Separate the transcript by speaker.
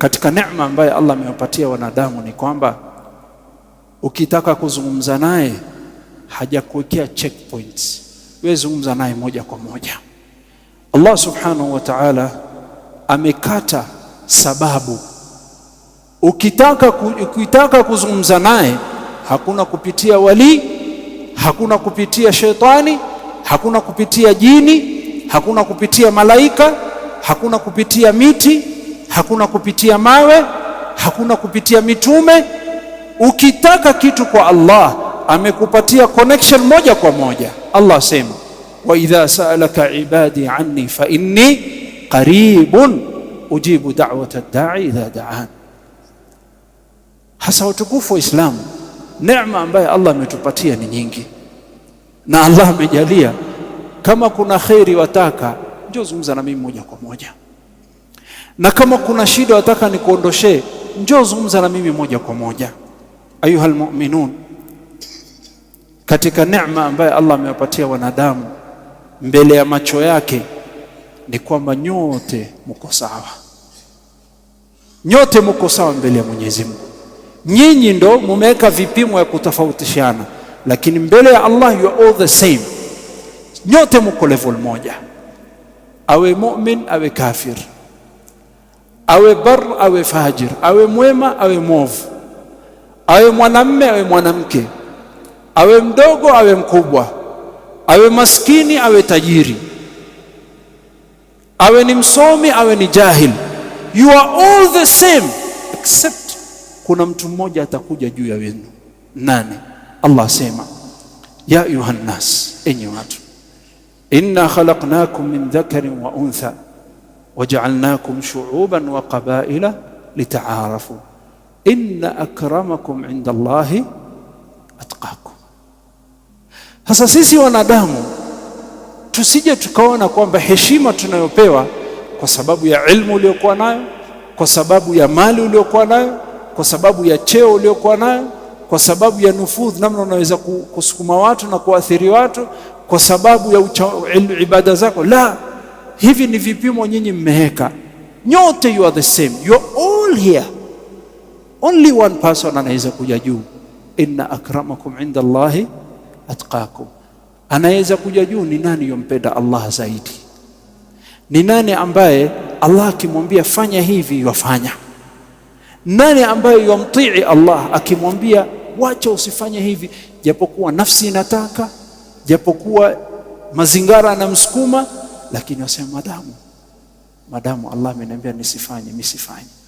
Speaker 1: Katika neema ambayo Allah amewapatia wanadamu ni kwamba ukitaka kuzungumza naye hajakuwekea checkpoints, wewe zungumza naye moja kwa moja. Allah subhanahu wa ta'ala amekata sababu. Ukitaka, ukitaka kuzungumza naye hakuna kupitia wali, hakuna kupitia shetani, hakuna kupitia jini, hakuna kupitia malaika, hakuna kupitia miti hakuna kupitia mawe, hakuna kupitia mitume. Ukitaka kitu kwa Allah amekupatia connection moja kwa moja. Allah asema wa idha saalaka ibadi anni fa inni qaribun ujibu da'wata da'i idha da'an. Hasa utukufu wa Islamu, neema ambayo Allah ametupatia ni nyingi, na Allah amejalia. Kama kuna kheri wataka, njoo zungumza na mimi moja kwa moja na kama kuna shida wataka nikuondoshee, njoo zungumza na mimi moja kwa moja. Ayuha almuminun, katika neema ambayo Allah amewapatia wanadamu mbele ya macho yake ni kwamba nyote mko sawa, nyote mko sawa mbele ya Mwenyezi Mungu. Nyinyi ndo mumeweka vipimo ya kutofautishana lakini mbele ya Allah you are all the same, nyote mko level moja, awe mu'min awe kafir awe bar awe fajir, awe mwema awe mwovu, awe mwanamme awe mwanamke, awe mdogo awe mkubwa, awe maskini awe tajiri, awe ni msomi awe ni jahil, you are all the same except kuna mtu mmoja atakuja juu ya wenu. Nani? Allah asema ya ayuha nnas, enyi watu, inna khalaqnakum min dhakarin wa untha wajaalnakum shuuban wa qabaila litaarafu inna akramakum inda Allahi atqakum. Sasa sisi wanadamu tusije tukaona kwamba heshima tunayopewa kwa sababu ya ilmu uliokuwa nayo, kwa sababu ya mali uliokuwa nayo, kwa sababu ya cheo uliokuwa nayo, kwa sababu ya nufudh, namna unaweza kusukuma watu na kuathiri watu, kwa sababu ya ibada zako la hivi ni vipimo nyinyi mmeweka nyote, you are the same, you are all here. Only one person anaweza kuja juu, inna akramakum inda Allahi atqakum. Anaweza kuja juu ni nani yompenda Allah zaidi? Ni nani ambaye Allah akimwambia fanya hivi yafanya? Nani ambaye yomtii Allah akimwambia wacha usifanye hivi, japokuwa nafsi inataka, japokuwa mazingara anamsukuma lakini wasema madamu madamu Allah ameniambia nisifanye, misifanye